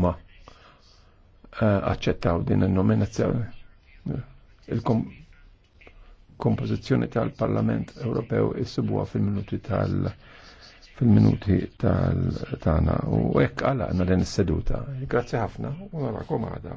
huma eh, aċċettaw din il-nominazzjoni. Il-kompożizzjoni tal-Parlament Ewropew issubuha fil-minuti tal- fil-minuti tal-tana u hekk għalaqna din is-seduta. Grazie ħafna u narakom għada.